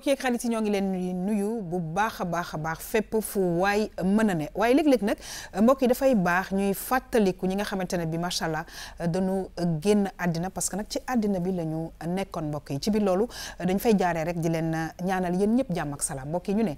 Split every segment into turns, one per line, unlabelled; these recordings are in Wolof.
mbokk yeeg xarit yi ñoo ngi leen nuyu bu baax a baax a baax fu waay mën a ne waaye léeg-léeg nag mbokk yi dafay baax ñuy fàttaliku ñi nga xamante ne bi macha allah dañu génn àddina parce que nag ci àddina bi la ñu nekkoon mbokk yi ci biir loolu dañ fay jaaree rek di leen ñaanal yéen ñëpp jàmm ak salaam mbokk yi ñu ne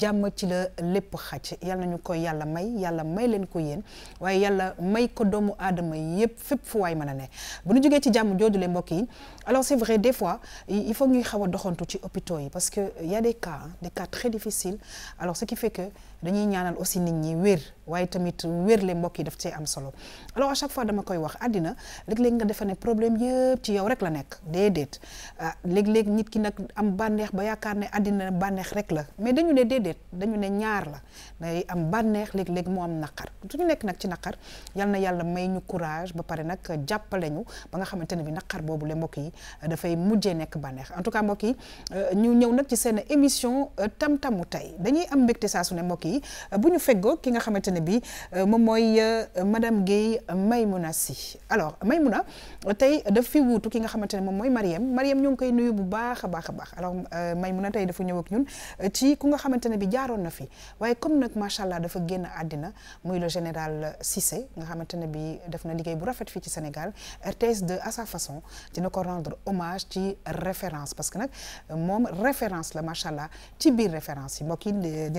jàmm ci la lépp xaj yal nañu koy yàlla may yàlla may leen ko yéen waaye yàlla may ko doomu aadama yëpp fépp fu waay mën a ne bu ñu jógee ci jàmm joojulee mbokk yi alors c'est fois il faut ñuy xaw doxantu ci hôpitaux yi parce qu'il euh, y a des cas, hein, des cas très difficiles. Alors, ce qui fait que dañuy ñaanal aussi nit ñi wér waaye tamit wér le mbokk yi daf cee am solo alors chaque fois dama koy wax àddina léeg-léeg nga defe ne problème ci yow rek la nekk déedéet ah, léeg-léeg nit ki nag am bànneex ba yaakaar ne àddina bànneex rek la mais dañu ne déedéet dañu ne ñaar la day am bànneex léeg-léeg moo am naqar suñu nekk nag ci naqar yal na yàlla may courage ba pare nag jàppale ñu ba nga xamante ne bi naqar boobu le mbokk yi dafay mujjee nekk bànneex en tout cas mbokk yi euh, ñu ñëw nag ci seen émission euh, tam tamu tey dañuy am mbégte saa su ne mbokk yi bu ñu feggoo ki nga xamante ne bi euh, moom mooy euh, madame Guèye Maymouna Sy alors Maymouna tey daf fi wuutu ki nga xamante ne moom mooy Mariam Mariam ñu ngi koy nuyu bu baax a baax a baax alors euh, Maymouna tey dafa ñëw ñun ci ku nga xamante ne bi jaaroon na fi waaye comme nag macha allah dafa génn àddina muy le général Cissé nga xamante ne bi def na liggéey bu rafet fii ci Sénégal RTS 2 à sa façon dina ko rendre hommage ci référence parce que nag la macha allah ci biir référence yi mbokk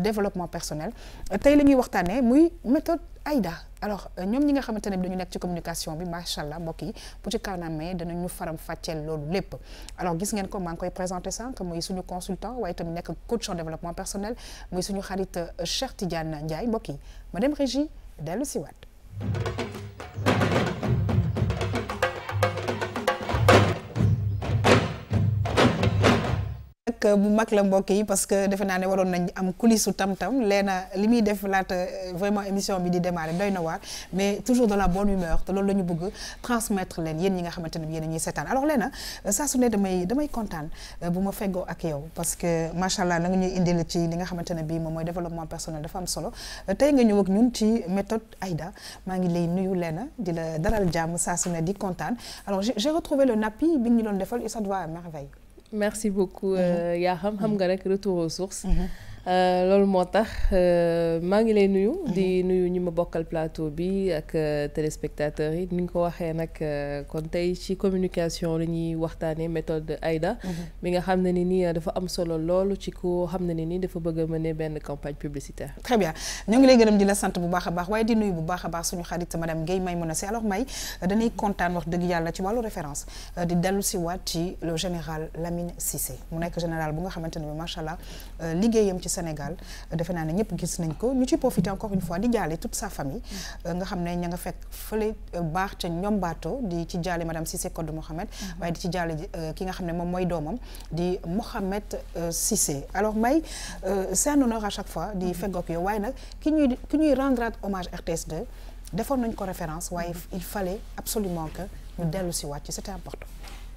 développement personnel Tay li ñuy waxtaanee muy méthode AIDA alors euh, ñom ñi nga xamante dañu nekk ci communication bi machallah allah mbokk yi bu ci dañu ñu faram fàcceel loolu lépp alors gis ngeen ko ma ngi koy présenté sànq muy suñu consultant waye tamit nekk coach en développement personnel muy suñu xarit euh, Cheikh Tidiane Ndiaye mbokk yi madame Régie dellu si waat que bu mag la mbokk yi parce que defe naa ne waroon nañ am coulisse su tam-tam leena li muy def laata euh, vraiment émission bi di démarrer doy na waar mais toujours dans la bonne humeur te loolu la ñu bëgg transmettre leen yéen ñi nga xamante ne yéen a ñuy seetaan alors leena euh, saa su ne damay damay kontaan euh, bu ma feggoo ak yow parce que macha allah la nga ñuy indil ci li nga xamante ne bii moom mooy développement personnel dafa am solo tey nga ñëw ak ñun ci méthode Aïda maa ngi lay nuyu leena di la dalal jàmm saa su ne di kontaan alors j'ai retrouvé le nappi bi ñu doon defal et ça doit merveille
merci beaucoup mm-hmm. euh, Yaham Je nga rek retour aux sources mm-hmm. Euh, loolu moo tax euh, maa ngi lay nuyu. di nuyu ñi ma bokkal plateau bi ak euh, téléspectateurs yi ni ko waxee nag kon tey ci communication la ñuy waxtaanee méthode AIDA. Mm-hmm. mi nga xam ne ni nii dafa am solo loolu ci ko xam ne ni nii dafa bëgg a
mener benn campagne publicitaire. très bien ñu ngi lay gërëm di la sant bu baax a baax waaye di nuyu bu baax a baax suñu xarit madame Guèye may mën alors may dañuy kontaan wax dëgg yàlla ci wàllu référence di dellu si waat ci le général Lamine Cissé mu nekk général bu nga xamante ne bi macha allah liggéeyam ci Sénégal euh, defe naa ne ñëpp gis nañ ko ñu profité encore une fois di jaale toute sa famille mm. euh, nga xam ne ña nga fekk fële euh, baax ca ñoom baato di ci madame Cissé Kodou Mohamed mm-hmm. waaye di ci jaale ki nga xam Mohamed Sissé. alors c'est un honneur à chaque fois de mm-hmm. faire yow waaye nag ki ñuy rendra ñuy rendre hommage RTS2 defoon nañ ko référence mm-hmm. il fallait absolument que nous dellu c'était important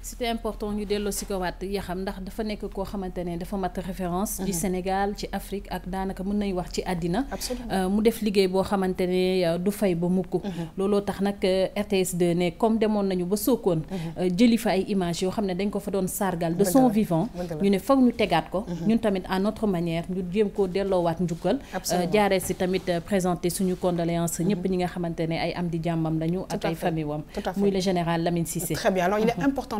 c'était important
ñu delloo si ko waat Yaxam ndax dafa nek ko xamantene dafa mat référence ci mhm. Sénégal ci Afrique ak danaka mën nañ wax ci àddina euh, mu def liggéey bo xamantene euh, du fay ba mukk mhm. lolo tax nak euh, RTS 2 né comme demoon nañu ba Sokone mhm. jëli fa ay images yo xam dañ ko fa doon sargal de son vivant ñu né foog ñu tegaat ko ñun tamit à notre manière ñu ko koo wat njukkal jaaré ci tamit présenter suñu condoléances ñëpp ñi nga xamantene ay am di jàmmam lañu ak ay famille wam muy le général Lamine Cissé très bien alors il est
important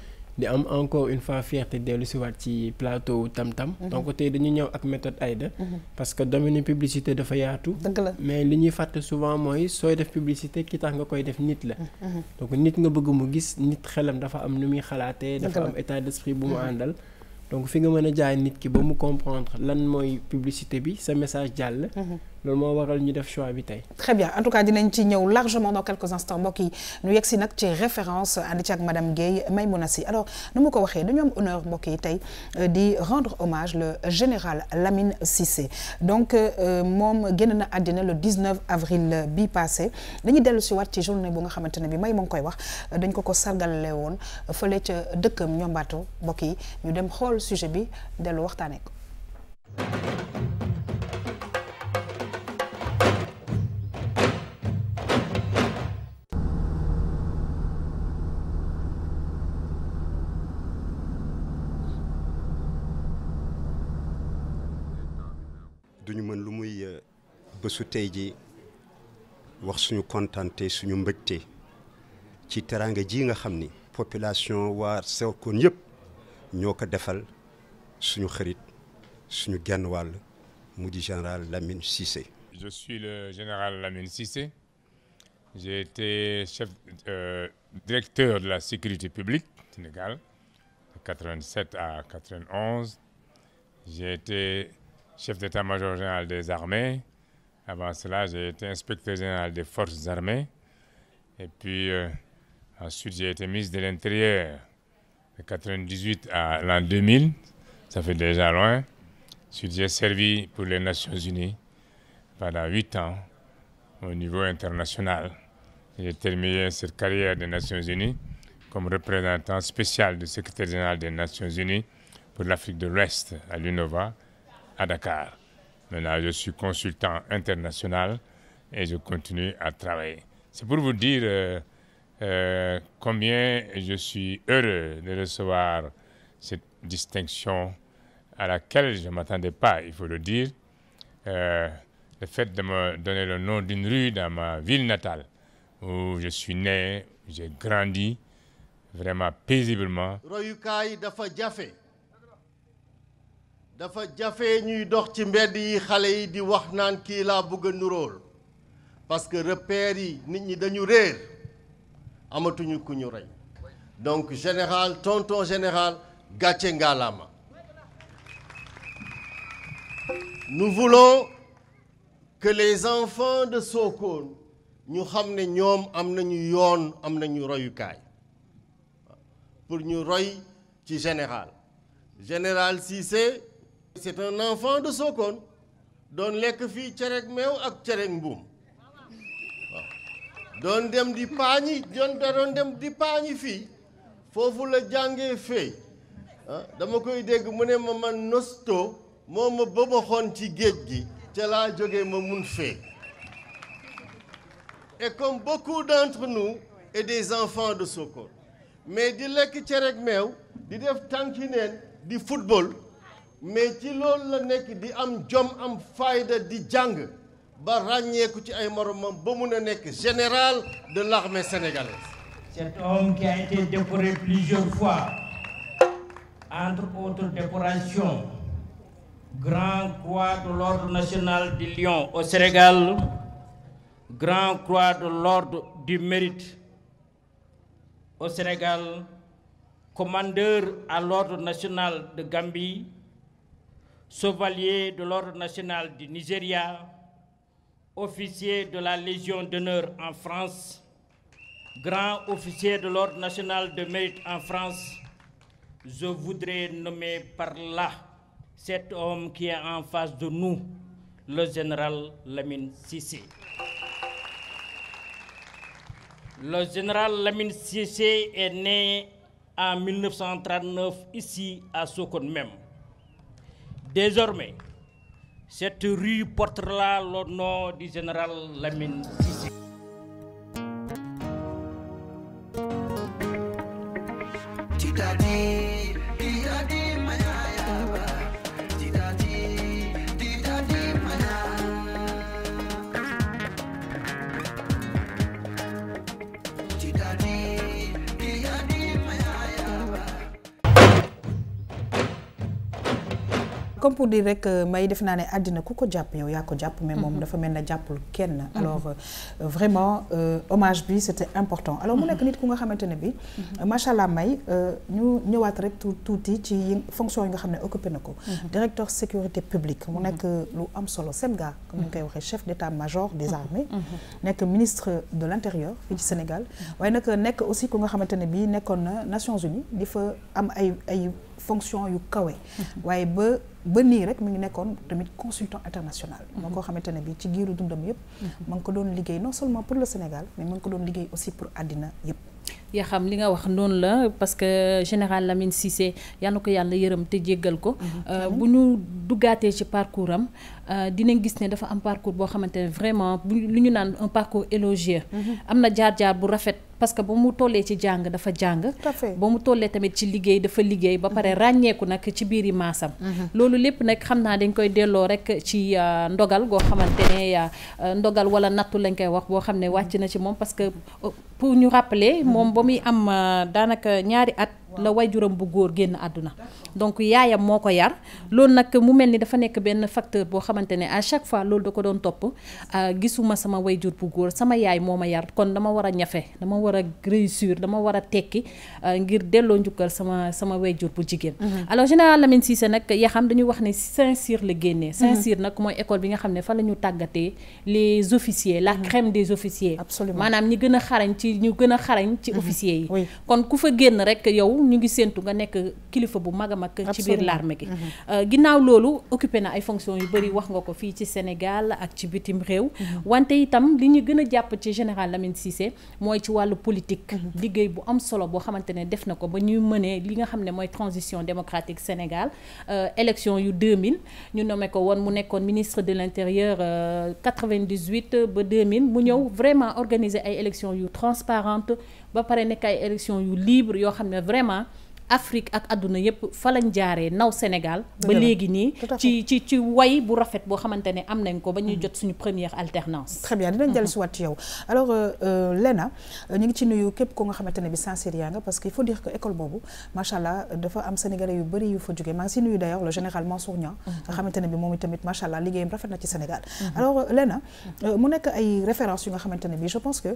di am encore une fois fierté dellu si waat ci plateau Tam Tam. Mhm. donc côté dañu ñëw ak méthode aide mhm. parce que domaine publicité dafa yaatu. mais li ñuy fàtte souvent moy soy def publicité ki tax nga koy def nit la. Mhm. donc nit nga bëgg mu gis nit xelam dafa am nu muy xalaatee. dafa am état d'esprit bu mu andal donc fi nga mëna a jaay nit ki ba mu comprendre lan moy publicité bi sa message jàll loolu moo waral ñu def choix bi tey.
très bien en tout cas dinañ ci ñëw largement dans quelques instants mbokk yi ñu yegg si nag ci référence andi ci ak madame Guèye Maïmouna Sy alors nu mu ko waxee dañu am honneur mbokk yi tey euh, di rendre hommage le général Lamine Cissé donc euh, moom génn na àddina le 19 avril bi passé dañuy dellu si waat ci journée bu nga xamante ne bi may mu ngi koy wax dañ ko ko sargalale woon fële ca dëkkam ñombaato mbokk yi ñu dem xool sujet bi dellu waxtaanee ko.
duñu mën lu muy euh, bésu tey ji wax suñu kontante suñu mbëgte ci teraanga ji nga xam population waa Sokone yëpp ñoo ko defal suñu xarit suñu genn wàll mu général Lamine Cissé.
Je suis le général Lamine Cissé. J'ai été chef euh, directeur de la sécurité publique Sénégal de 87 à 91. J'ai été chef d'état-major général des armées. Avant cela, j'ai été inspecteur général des forces armées. Et puis, euh, ensuite, j'ai été ministre de l'Intérieur de 1998 à l'an 2000. Ça fait déjà loin. Ensuite, j'ai servi pour les Nations Unies pendant huit ans au niveau international. J'ai terminé cette carrière des Nations Unies comme représentant spécial du secrétaire général des Nations Unies pour l'Afrique de l'Ouest à l'UNOVA à Dakar. Maintenant, je suis consultant international et je continue à travailler. C'est pour vous dire euh, euh, combien je suis heureux de recevoir cette distinction à laquelle je ne m'attendais pas, il faut le dire. Euh, le fait de me donner le nom d'une rue dans ma ville natale, où je suis né, j'ai grandi, vraiment paisiblement
dafa jafé ñuy dox ci mbéd yi xalé yi di wax naan ki la bëgg a rôle parce que repère yi nit ñi dañu réer ñu ku ñu ray donc général tonton général gatché ngalama nous voulons que les enfants de Sokone ñu xamné ñom amna ñu yoon amna ñu royu kay pour ñu roy ci général général Cissé c'est un enfant de Sokon, Don lek fi cereg mew ak cereg mbuum Don dem di paañi don daron dem di paañi fi. Fofu la jàngee fe. Ah, dama koy dégg mune ma man nosto moo ma bëbaxoon ci géej gi ca laa ma mun fe. et comme beaucoup d'entre nous et des enfants de Sokon, mais di lek cereg mew di def tànki di football mais am am di général de l'armée sénégalaise. Cet homme qui a été décoré plusieurs fois, entre autres décorations, Grand Croix de l'Ordre national du Lion au Sénégal, Grand Croix de l'Ordre du Mérite au Sénégal, commandeur à l'Ordre national de Gambie, chevalier de l'Ordre national du Nigeria, officier de la Légion d'honneur en France, grand officier de l'Ordre national de mérite en France, je voudrais nommer par là cet homme qui est en face de nous, le général Lamine Sissé. Le général Lamine Sissé est né en 1939 ici à Sokon même. Désormais, cette rue portera le nom du général Lamine
pour dire que may def naa ne àddina coucou ko jàpp yow yaa ko jàpp mais moom mhm. dafa mel na kenn mhm. alors euh, vraiment euh, hommage bi c'était important alors mu mhm. nekk nit ku nga xamante bi euh, macha allah may ñu ñëwaat rek tout tuuti ci fonction yi nga occupé na ko directeur sécurité publique mu que lu am solo SEMGA comme koy chef d'état-major des armées que ministre de l'intérieur du ci Sénégal waaye nag que aussi ku nga xamante ne bi nekkoon na Nations Unies di fa am ay ay fonction yu kawé waaye ba ba nii rek mi ngi nekkoon tamit consultant international. Mm-hmm. moo koo xamante ne bii ci giiru dundam yépp mm-hmm. ma ko doon liggéey non seulement pour le Sénégal mais ma ko doon liggéey aussi pour Adina. yépp
ya xam li nga wax noonu la parce que général Lamine Cissé yal na ko yàlla yërëm te jéggal ko. Mhm. Euh, bu ñu duggaatee ci parcours am euh, dinañ gis ne dafa am parcours boo xamante ne vraiment lu ñu naan un parcours élogieux. Mhm. am na jaar-jaar bu rafet. parce que ba mu tollee ci jàng dafa jàng ba mu tollee tamit ci liggéey dafa liggéey ba pare mhm. ràññeeku nag ci biiri maasam loolu lépp nag xam naa dañ koy delloo rek ci euh, ndogal goo xamante ne ndogal wala nattu lañ koy wax boo xam ne wàcc na ci moom parce que pour ñu rappeler moom muy am euh, daanaka ñaari at la waajuram bu góor génn àdduna donc yaayam moo ko yar loolu nag mu mel ni dafa nekk benn facteur boo xamante ne à chaque fois loolu da ko doon topp euh, gisuma sama way waajur bu góor sama yaay moo ma yar kon dama war a ñafe dama war a réussir dama war a tekki euh, ngir delloo njukkal sama sama waajur bu jigéen mhm. alors général Lamine Cissé nag yaa xam dañuy wax ne Saint-Cyr la génnee mhm. Saint-Cyr nag mooy école bi nga xam ne fa la ñu tàggatee les officiers la mhm. crème des officiers maanaam ñi gën a xarañ ci ñu gën a xarañ ci officiers yi kon ku fa génn rek yow ñu ngi séentu nga nekk kilifa bu mag a mag ci biir l'armée gi mhm. euh, ginnaaw loolu occupé na ay fonctions yu bëri wax nga ko fii ci Sénégal ak ci bitim réew mhm. wante itam li ñu gën a jàpp ci général Lamine Cissé mooy ci wàllu politique mhm. liggéey bu am solo boo xamante ne def na ko ba ñuy mënee li nga xam ne transition démocratique Sénégal euh, élection yu 2000 ñu nommé ko woon mu nekkoon ministre de l'intérieur 98 euh, ba 2000 mu ñëw vraiment organisé ay élections yu transparentes ba pare nekk ay élection yu libre yoo xam ne vraiment Afrique ak aduna yépp fa lañ jaaree naw Sénégal ba léegi nii ci ci ci way bu rafet boo xamante ne am nañ ko ba ñuy jot suñu première alternance
très bien dinañ mhm. dellu si waat yow alors euh, euh, Lena euh, ñu ngi ci nuyu képp ko nga xamante ne bi sincère nga parce que il faut dire que école boobu macha allah dafa am sénégalais yu bëri yu fa jógee maa ngi si nuyu d'ailleurs le général Mansour Niang mhm. nga xamante ne bi moom itamit macha allah liggéeyam rafet na ci Sénégal mhm. alors Lena mu nekk ay références yu nga xamante ne bi je pense que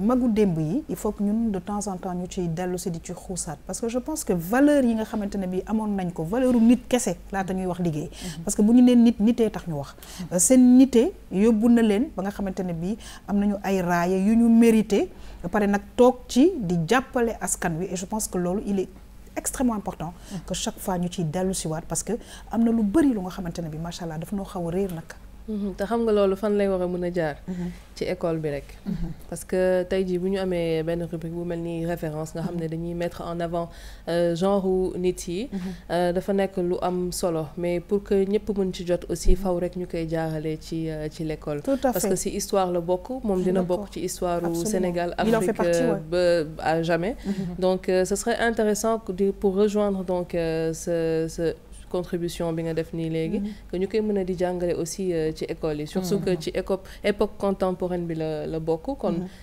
magu démb yi il faut que ñun de temps en temps ñu ciy dellu si di ci xuusaat parce que je pense parce que valeur yi nga xamantene bi amoon nañ ko valeur nit kessé la ñuy wax liggéey parce que buñu né nit nité tax ñu wax sen nité yóbbu na leen ba nga xamantene bi amnañu ay raaya yu ñu mérité paré nak tok ci di jappalé askan wi et je pense que lolu il est extrêmement important que chaque fois ñu ciy dellu wat parce que amna lu bëri lu nga xamantene bi machallah allah daf xaw réer Mhm.
te xam nga loolu fan lay war a mën a jaar. Mhm. ci école bi rek. Mhm. parce que tey jii bu ñu amee benn rubrique bu mel ni référence nga xam ne dañuy mettre en avant euh, genre nit yi. Euh, dafa nekk lu am solo mais pour que ñëpp mën ci jot aussi faw rek ñu koy jaarale ci euh, ci l'école. parce que si histoire la bokk
moom dina bokk ci histoire Sénégal Afrique
ba à jamais. donc ce serait intéressant pour rejoindre donc ce ce contribution bi nga def nii mm-hmm. léegi que ñu koy mën a di jàngale aussi euh, ci école yi surtout mm-hmm. que ci époque époque contemporaine bi la la bokk kon mm-hmm.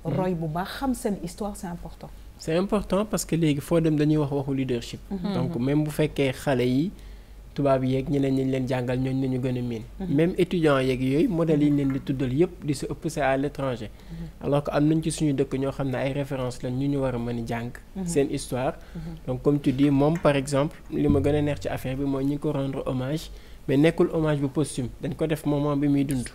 Mm-hmm. roy bu baax xam seen histoire c'est important.
c'est important parce que léegi foo dem dañuy wax waxu leadership. Mm-hmm. donc même bu fekkee xale yi tubaab yeeg ñeneen ñi leen jàngal ñooñu nañu gën a miin. Mm-hmm. même étudiant, yeeg yooyu modèles yi ñu leen di tuddal yëpp di se ëpp c'est à l'étranger. alors que am nañ ci suñu dëkk ñoo xam ne ay références lañ ñu ñu war a jàng. seen histoire. donc comme tu dis moom par exemple li ma gën a neex ci affaire bi mooy ñi ko rendre hommage mais nekkul hommage bu posthume dañ ko def moment bi muy dund.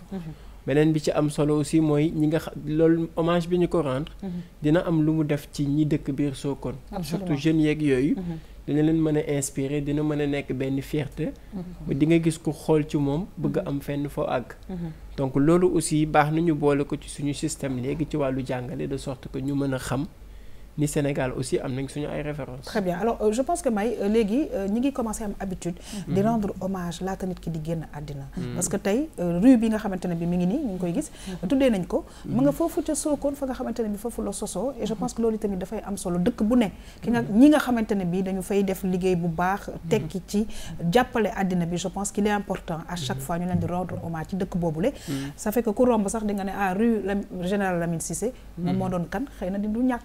beneen bi ci am solo aussi mooy ñi nga xam lool hommage bi ñu ko rendre. Mhm. dina am lu mu def ci ñi dëkk biir Sokone. surtout jeunes yeeg yooyu. Mhm. dina leen mën a inspirer dina mën a nekk benn fierté. Mhm. ba di nga gis ku xool ci moom bëgg am fenn fo àgg. donc loolu aussi baax nañu boole ko ci suñu système léegi ci wàllu jàngale de sorte que ñu mën a xam. ni Sénégal aussi am nañ suñu ay références. très
bien alors euh, je pense que May euh, légui euh, ñi ngi commencé am habitude. Mhm. de rendre hommage la nit ki di génn adina mhm. parce que tay rue bi nga xamantene bi mi ngi ni ñu koy gis. Mhm. tuddee nañ ko. mu nga foofu ca Sokone fa nga xamantene bi fofu lo soso et je pense que loolu tamit fay am solo dëkk bu ne. ki nga ñi nga xamantene bi dañu fay def liggéey bu baax. tekki ci jappalé adina bi je pense qu'il est important à chaque fois ñu leen di rendre hommage ci dëkk boobule. ça fait que ku romb sax di nga né ah rue Général Lamine Cissé. mo doon kan xeyna di du ñak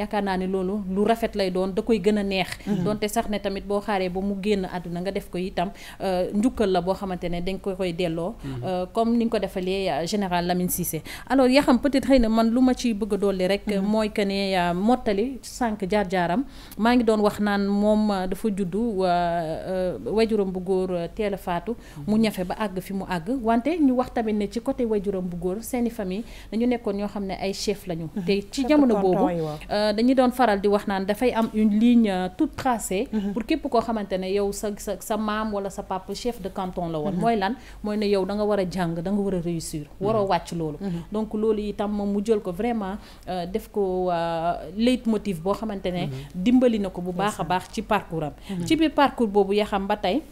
yaakaar naa ne loolu lu rafet lay doon da koy gën a neex donte sax ne tamit boo xaaree ba mu génn àdduna nga def ko itam njukkal la boo xamante ne dañ ko koy delloo comme ni nga ko defalee général Lamine Cissé alors yaa xam peut-être xëy na man lu ma ci bëgg a dolli rek mooy que ne mottali sànq jaar-jaaram maa ngi doon wax naan moom dafa juddu wajuram bu góor teel a faatu mu ñafe ba àgg fi mu àgg wante ñu wax tamit ne ci côté wajuram bu góor seeni famille dañu nekkoon ñoo xam ne ay chef lañu te ci jamono boobu dañu doon faral di wax naan dafay am une ligne euh, toute tracée. Mhm. pour képp koo xamante ne yow sa sa sa maam wala sa papa chef de canton la woon. Mhm. mooy lan mooy ne yow da nga war a jàng da nga war a réussir. Mhm. waroo wàcc loolu. donc loolu itam moom mu jël ko vraiment euh, def ko euh, leitmotiv boo xamante ne dimbali na ko bu baax a baax ci parcours am. ci biir parcours boobu yaa xam ba tey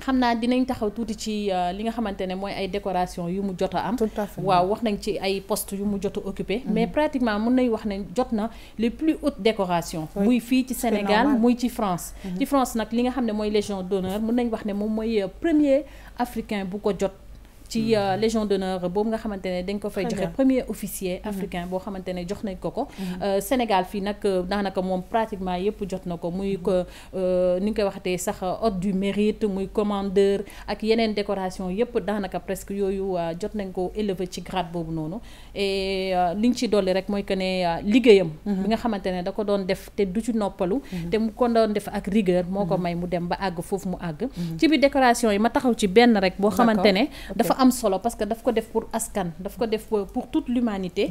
xamna dina, dinañ taxaw tuuti ci euh, li nga xamantene ne ay décoration yu mu jotta am waaw wax nañ ci ay poste yu mu jotta occupé mm-hmm. mais pratiquement mën nañ wax nañ jotna na les plus hautes décorations muy fi ci Sénégal muy ci France mm-hmm. ci France nak li nga xam moy légion d'honneur mën nañ wax ne mom moy euh, premier africain bu ko jot ci euh, mm-hmm. légion d'honneur boobu nga xamante ne dañ ko fay joxe premier officier mm-hmm. africain boo xamante ne jox nañ ko ko mm-hmm. euh, Sénégal fii nag euh, daanaka moom pratiquement yépp jot na ko muy ko ni nga koy waxatee sax ordre du mérite muy commandeur ak yeneen décoration yépp daanaka presque yooyu jot nañ ko élevé ci grade boobu noonu et liñ ci dolli rek mooy que ne liggéeyam bi nga xamante ne da ko doon def te du ci noppalu te mu ko doon def ak rigueur moo ko may mu dem ba àgg foofu mu àgg ci bi décoration yi ma taxaw ci benn rek boo xamante ne dafa am solo parce que daf ko def pour askan daf ko def euh, pour toute l'humanité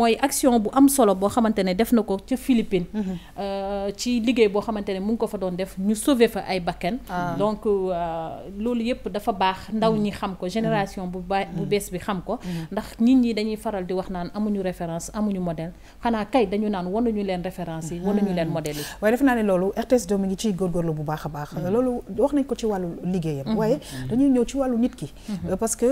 moy action bu am solo bo xamantene def nako ci ca Philippines mhm. euh, ci liguey bo xamantene mu ngi ko fa don def ñu sauver fa ay bakkan ah. donc euh, lolu yep dafa bax ndaw ñi mhm. xam ko génération bu bu mhm. bees bi xam ko ndax nit ñi dañuy faral di wax naan amuñu référence amuñu modèle xana kay dañu naan wanuñu leen référence yi wanuñu leen modèle yi
waaye defe naa ne loolu RTS doomu ngi gor góorgóorlu bu baax baax lolu wax nañ ko ci wàllu liggéeyam way dañuy ñew ci walu nit ki parce que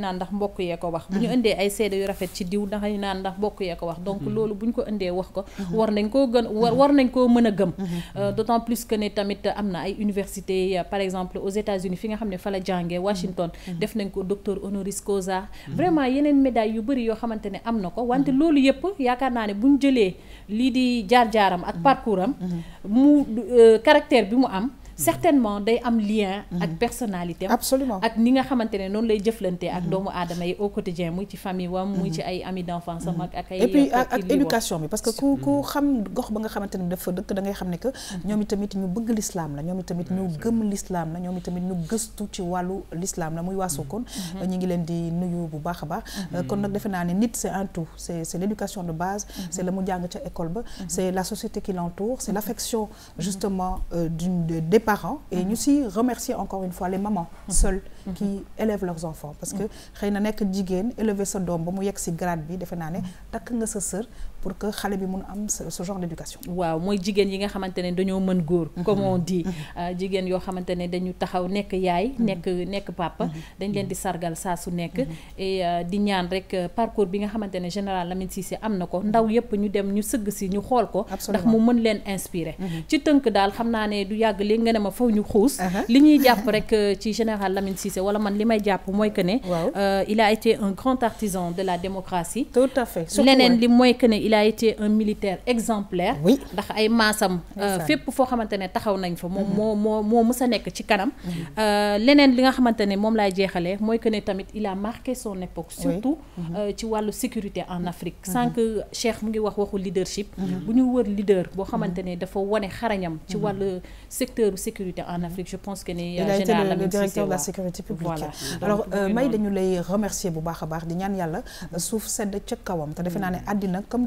dañuy naan ndax mbokk yee ko wax bu ñu mhm. indee ay seede yu rafet ci diw dañuy naan ndax mbokk yee ko wax mhm. donc loolu bu ñu ko indee wax ko mhm. war nañ koo gën war war nañ koo mën a gëm euh, d'autant plus que ne tamit am na ay université euh, par exemple aux États-Unis fi nga xam ne fa la jàngee Washington def nañ ko docteur honoris causa vraiment yeneen médaille yu bëri yoo xamante ne am na ko wante loolu yëpp yaakaar naa ne bu ñu jëlee lii di jaar-jaaram ak parcours am mu euh, caractère bi mu am certainement day am lien ak mhm. personnalité absolument ak ni nga xamantene non lay jëflante ak mhm. doomu adama yi au quotidien muy ci famille wam muy mhm. ci ay amis d'enfance am ak ay et puis ak éducation bi parce que ku
ku xam gox ba nga xamantene dafa dëkk da ngay xam ne que ñoom itamit ñu bëgg l'islam la ñoom tamit ñu gëm l'islam la ñoom tamit ñu gëstu ci walu l'islam la muy waa kon ñi ngi leen di nuyu bu baax baax euh, kon nak defé naa ne nit c'est un tout c'est c'est l'éducation de base c'est la mu jang ci école ba c'est la société qui l'entoure c'est l'affection justement euh, d'une parents et nous mhm. si remercier encore une fois les mamans mhm. seules mhm. qui élèvent leurs enfants parce que rien na que digne élever sa doom ba mu yegg si grade bi defenane tak nga sa sœur pour que xalé bi mun am ce genre d'éducation
waaw moy jigen yi nga xamantene dañu dañoo goor comme on dit mhm. euh, jigéen yoo xamante ne dañu taxaw nek yaay mhm. nek nek papa mhm. dañ leen di sargal sa su nek et euh, di ñaan rek euh, parcours bi nga xamantene général Lamine Cissé am ko ndaw yépp ñu dem ñu seug si ñu xol ko ndax mu mën leen inspirer ci teunk dal xamna né du yag léegi nga ne ma faw ñu xuus uh-huh. li ñuy jàpp rek ci général Lamine Cissé wala man limay japp moy que né il a été un grand artisan de la démocratie tout à fait leneen li moy que ne il a été un militaire exemplaire. oui ndax ay masam euh, fépp foo xamante ne taxaw nañ fa. mom mo mhm. mo moo mës a ci kanam. Mhm. Euh, lenen li nga xamantene mom lay laay moy que ne tamit il a marqué son époque. surtout mhm. euh, ci walu sécurité en Afrique. sans que Cheikh mu ngi wax waxu leadership. bu ñu wër leader bo xamantene dafa woné xarañam. ci walu secteur sécurité en Afrique je pense que né général le directeur de la sécurité publique. alors
may dañu lay remercier bu baax baax di ñaan yalla souf sedd ci kawam te defe naa ne àddina comme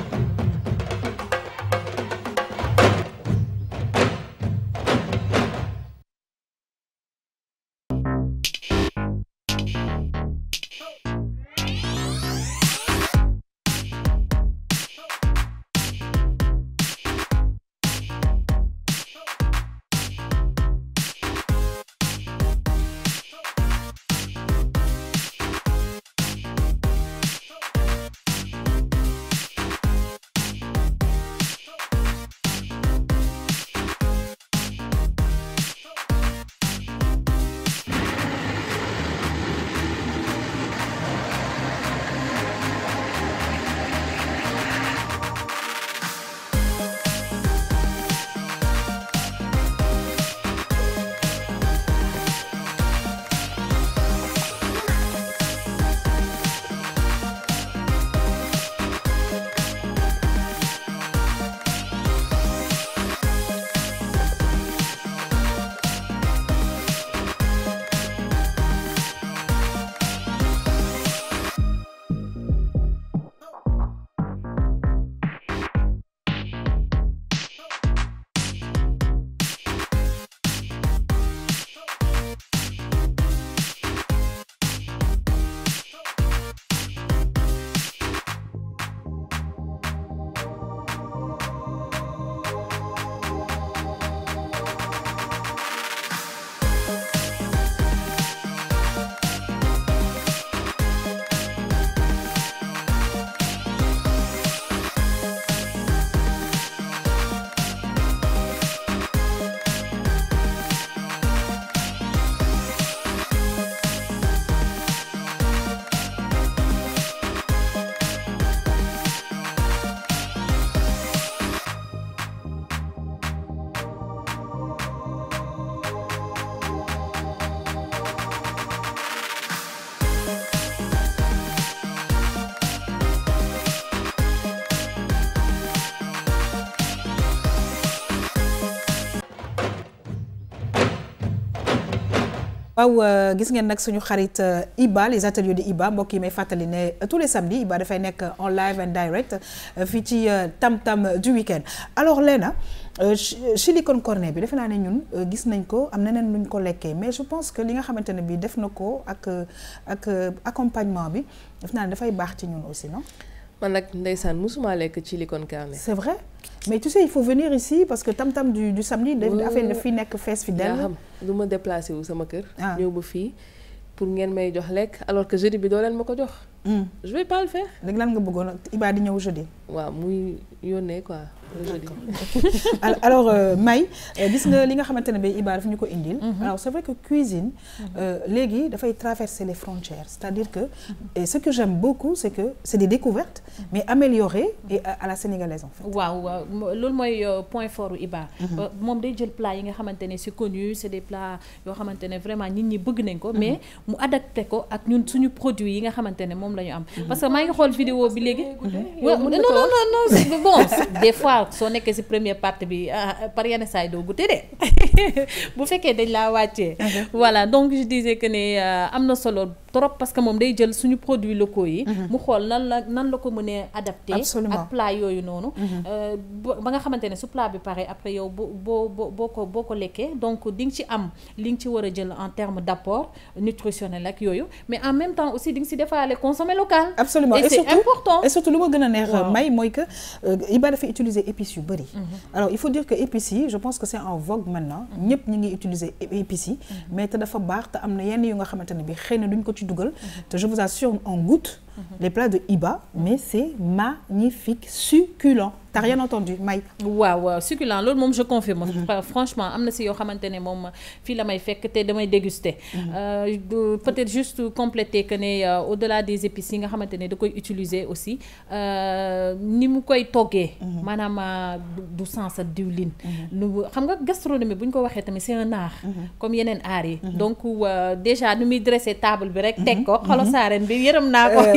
waaw euh, gis ngeen nag suñu xarit euh, Iba les ateliers de Iba mbokk yi may fàttali ne euh, tous les samedis Iba dafay nekk en live and direct fii ci tam tam du week-end alors Lena, silicone cornet bi defe naa ne ñun gis nañ ko am na neen luñ ko lekkee mais je pense que li nga xamante ne bi def na ak ak accompagnement bi def naa ne dafay baax ci ñun aussi non
man nag ndeysaan musuma lek ci likon kaane c'est vrai
mais tu sais il faut venir ici parce que tam tam du du samedi. affaire daf fi nek fees fi dell. xam du
ma wu sama kër. Ah. ñëw ba fi pour ngeen may jox lek alors que jeudi bi do len mako jox.
Hmm. je vais pas le faire. Nek lan nga bëggoon ibadi di jeudi. waaw muy yone quoi alors euh, May euh, gis nga li nga xamante ne bi Iba ko indil mhm. alors c'est vrai que cuisine mhm. euh, léegi dafay traverser les frontières c'est-à-dire que et ce que j'aime beaucoup c'est que c'est des découvertes mhm. mais améliorées et à la sénégalaise en fait Waouh, waaw
loolu mooy point fort u Iba moom day jël plat yi nga xamante c'est connu c'est des plats yoo xamante vraiment ni ñi bëgg nañ ko mais mu adapté ko ak ñun suñu produit yi nga xamantene mom lañu am parce que ma ngi xol vidéo bi légui non non non non bon des fois waaw que c'est première partie bi ah, ah, par yenn saa doo goûté de bu fekkee voilà donc je disais que ne euh, am na solo trop parce que mom day jël suñu produits locaux yi. Mhm. mu xol nan la nan la ko mënee adapté. ak plat yooyu mhm. euh ba nga xamante su plat bi paré après yow boo boo boko ko boo donc ding ci am ling ci wara jël en terme d'apport nutritionnel ak yoyu mais en même temps aussi ding ci si consommer
local. absolument et, et c'est important et surtout luma gëna gën neex. may moy que euh, Iba fi utiliser épices yu bëri. Mhm. alors il faut dire que épices yi je pense que c'est en vogue maintenant. ñëpp ñi ngi utiliser épices yi. mais te dafa baax ta am na yenn yu nga xamante ne bi xëy duñ ko Google. je vous assure en goutte, les plats de Iba, mais c'est magnifique, succulent. t'as rien entendu Mike? Waouh,
waaw succulent l'autre moment je confirme franchement am na si yoo xamante ne moom fii la may damay déguster euh, peut-être juste compléter que né euh, au-delà des épices yi nga xamante ne da koy utiliser aussi euh, ni mu koy toggee mhm. maanaam du sens ak diwlin lu mhm. xam nga gastronomie bu ñu ko waxee tamit c'est un art mhm. comme un art yi donc déjà nous muy dresser table bi rek teg ko xolo saaren bi yërëm naa ko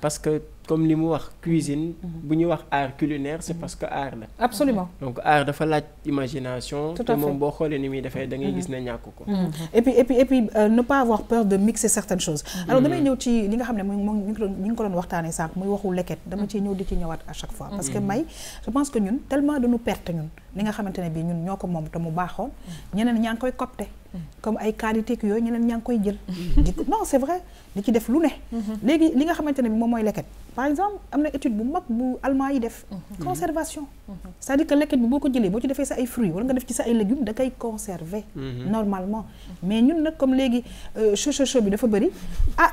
parce que comme nous avons cuisine si mhm. art culinaire c'est parce que art absolument donc art dafa fait imagination Tout à fait. Mhm. Mhm.
et puis et puis et puis euh, ne pas avoir peur de mixer certaines choses alors nous, nous ci li nga nous que nous nous doon à chaque fois parce que je pense que nous, tellement nous, nous ñun li nga nous nous, nous ñun nous nous te nous ñeneen nous nous comme ay qualité yooyu ñeneen ñaa ngi koy jël. di non c'est vrai di ci def lu ne. Mhm. léegi li nga xamante ne bi moom par exemple am étude bu mag bu allemand yi def. Mhm. Mhm. conservation. c' est à dire que l'équipe bi boo ko jëlee boo ci defee sa ay fruits wala nga def ci sa ay légumes da koy conserver. normalement mais ñun nag comme léegi chaud euh, chaud chaud bi dafa bëri ah.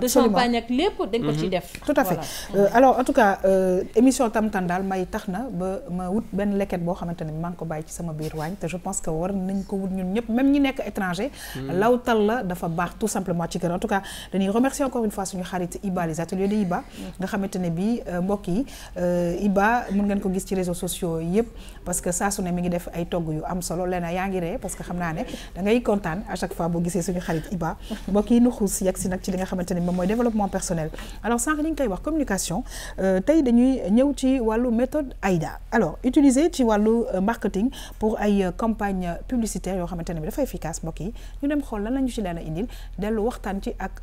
de champagne ak lepp dañ ko ci mhm. def tout à fait euh, alors en tout cas euh, émission tam tan may taxna na ba ma wut ben leket bo xamante man ko bay ci sama biir waañ te je pense que war nañ ko wut ñun ñëpp même ñi nek étranger mhm. lawtal la dafa baax tout simplement ci kër en tout cas dañuy remercier encore une fois suñu xarit Iba les ateliers de Iba nga xamante bi euh, mbokk yi Iba mën ngeen ko gis ci réseaux sociaux yëpp parce que ça su ne mi ngi def ay togg yu am solo leena yaa ngi parce que xamna naa ne da ngay contane à chaque fois bo gisee suñu xarit Iba mbokk yi nu xuus yegg si nag ci li nga xamante moy développement personnel alors sans rien ngi wax communication euh, tay dañuy ñëw ci walu méthode AIDA alors utiliser ci euh, marketing pour ay euh, campagne publicitaire yo xamante très efficace Nous yi ñu dem xol lan la ci daan indil delu waxtan ci ak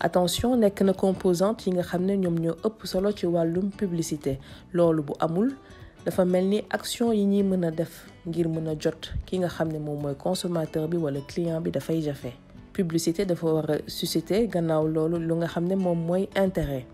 attention nek na composante yi nga xam ñom ñoo ëpp solo ci walum publicité loolu bu amul dafa melni action yi ñi mëna def ngir mëna jot ki nga xam mom moy consommateur bi wala client bi fay jafé publicité dafa war a susciter gannaaw loolu lu nga xam mom moy intérêt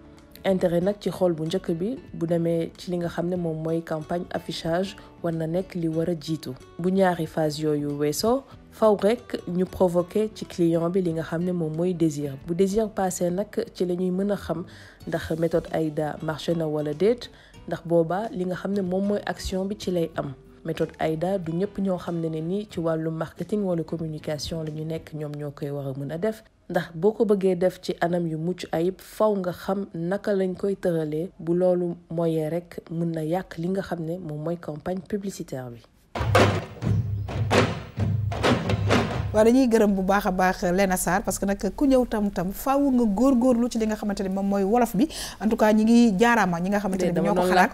intérêt nak ci xol bu ñëkk bi bu démé ci li nga xam mom moy campagne affichage wana nek li wara jitu bu ñaari phase yoyu wesso faw rek ñu provoquer ci client bi li nga xam ne moom mooy désir bu désir passé nag ci la ñuy mën a xam ndax méthode AIDA marché na wala déet ndax Boba, li nga xam ne moom mooy action bi ci lay am méthode AIDA du ñëpp ñoo xam ne ne nii ci wàllu marketing wala communication la ñu nekk ñoom ñoo koy war a mën a def ndax boo ko bëggee def ci anam yu mucc ayib faw nga xam naka lañ koy tëralee bu loolu mooyee rek mën na yàq li nga xam ne moom mooy campagne publicitaire bi
waaye dañuy gërëm bu baaxa baax Lena Sar parce que nak ku ñew tam tam faaw nga gor gor lu ci li nga xamanteni mom moy wolof bi en tout cas ñi ngi jaarama ñi nga xamanteni ñoko xalaat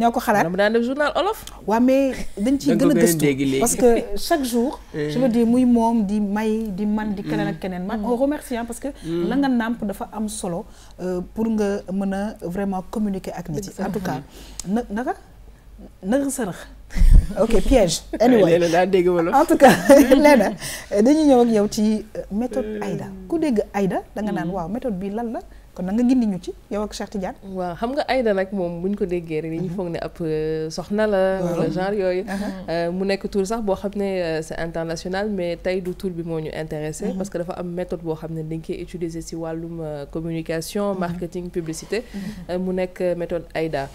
ñoko xalaat dama daan def journal olof wa mais dañ ci gëna gëstu parce que chaque jour eh. je veux dire muy mom di may di man di kenen ak mm. kenen man mm. on remercie parce que mm. la nga namp dafa am solo euh, pour nga mëna vraiment communiquer ak nit en tout cas na naka naka sarax ok piège. anyway en tout cas Léna dañuy ñëw ak yow ci euh, méthode Aïda ku dégg ayda da nga naan mm. waaw méthode bi lan la. kon na nga gindi ñu ci yow ak Cheikh Tidiane. waaw
xam nga Aïda nak mom buñ ko déggé rek dañuy mhm. fogné ap euh, soxna la. le genre yoy mhm. euh mu nekk tour sax bo xamné euh, c'est international mais tay du tour bi mo ñu intéressé. Mhm. parce que dafa am méthode bo xamné dañ koy utiliser ci walum euh, communication marketing publicité. mu nekk méthode Aïda.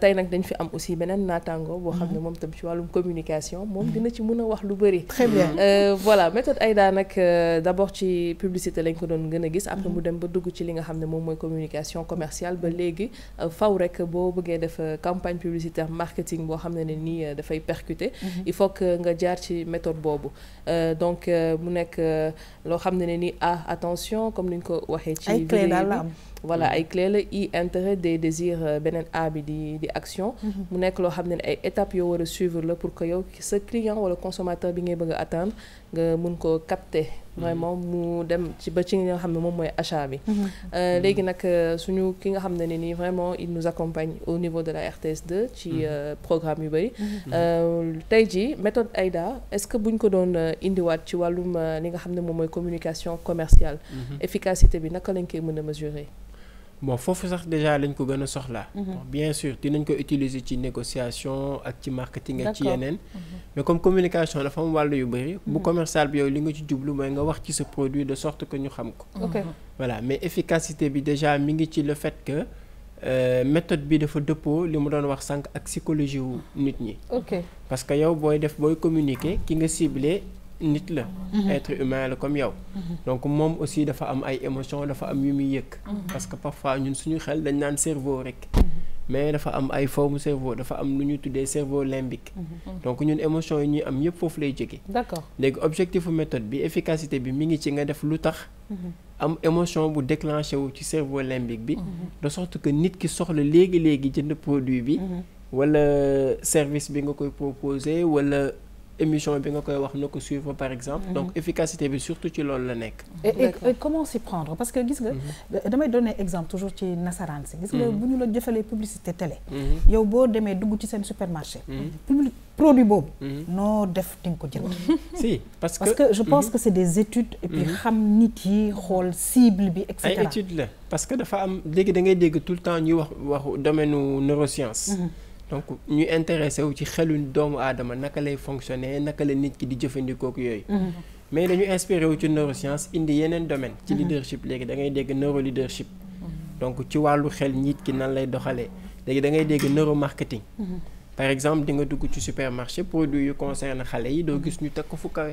tay nak dañ fi am aussi benen natango bo xamné mom tam ci walum communication mom dina ci mëna wax lu bëri. très bien voilà méthode Aïda nak d'abord ci publicité lañ ko doon gëna gis. après mu dem ba dugg ci li nga xam ne moom mooy communication commerciale ba léegi euh, faw rek boo bëggee def euh, campagne publicitaire marketing boo xam ne ne nii euh, percuter mhm. il faut que nga jaar ci méthode boobu donc mu nekk loo xam ne ne nii ah attention comme ni ko waxee ci vidéo am. voilà mhm. ay clé la i intérêt des désirs beneen a bi di di action mhm. mu nekk loo xam ne ay étapes yoo war suivre la pour que yow sa client wala consommateur bi ngay bëgg a atteindre nga mun ko capter vraiment mu dem ci ba ci nga xam ne moom mooy achat bi. Mhm. Euh, léegi nag euh, suñu ki nga xam ne ni vraiment il nous accompagne au niveau de la RTS2 ci mhm. euh, programme yu bëri. Mhm. tey jii méthode AIDA est-ce que buñ ko doon indiwaat ci wàllum li nga xam ne moom mooy communication commerciale. efficacité bi naka lañ koy mën a mesurer
bon faire sax déjà lañ ko mhm. bien sûr ko utiliser ci négociation marketing ak ci mhm. mais comme communication dafa am yu bu mhm. commercial bi yow li nga ci djublu nga wax ci produit de sorte que ñu xam ko. voilà mais efficacité bi déjà le fait que euh, méthode bi dafa li mu wax psychologie parce que yow def communiquer ki nga ciblé nit la mhm. être humain la comme yow mhm. donc mom aussi dafa am ay émotions dafa am yu yek mhm. parce que parfois ñun suñu xel dañ naan cerveau rek mais dafa am ay forme cerveau dafa am lu ñuy cerveau limbique donc ñun émotion yi ñi am yépp fofu lay jógee d'accord léegi objectif méthode bi efficacité bi mi ngi ci nga def lutax am émotion bu déclenché wu ci cerveau limbique bi de sorte que nit ki soxla légui léegi jënd produit bi wala service bi nga koy proposer wala émission bi nga koy wax na ko suivre par exemple. donc mhm. efficacité bi surtout ci loolu la nekk.
et comment s'y prendre parce que gis nga. Mhm. damay donner exemple toujours ci nasaraan si. gis nga mhm. bu ñu la jëfalee publicité télé. yow boo demee dugg ci seen supermarché. public produit boobu. noo def di nga ko jënd. si parce que parce que je pense que c'est des études. et puis xam nit yi xool cible bi et cetera ay études
la parce que dafa am léegi da ngay dégg tout le temps ñuy wax waxu domaine neurosciences donc ñu intéressé wu ci xelu doomu aadama naka lay fonctionner naka la nit ki di jëfandikoo ak yooyu. Mhm. mais dañu inspiré wu ci neuroscience indi yeneen domaine ci mhm. leadership léegi da ngay dégg neuro leadership. Mhm. donc ci wàllu xel nit ki nan lay doxalee léegi da ngay dégg neuro marketing. par exemple di nga dugg ci supermarché produit yu concerne xale yi doo gis ñu teg ko fu kawe.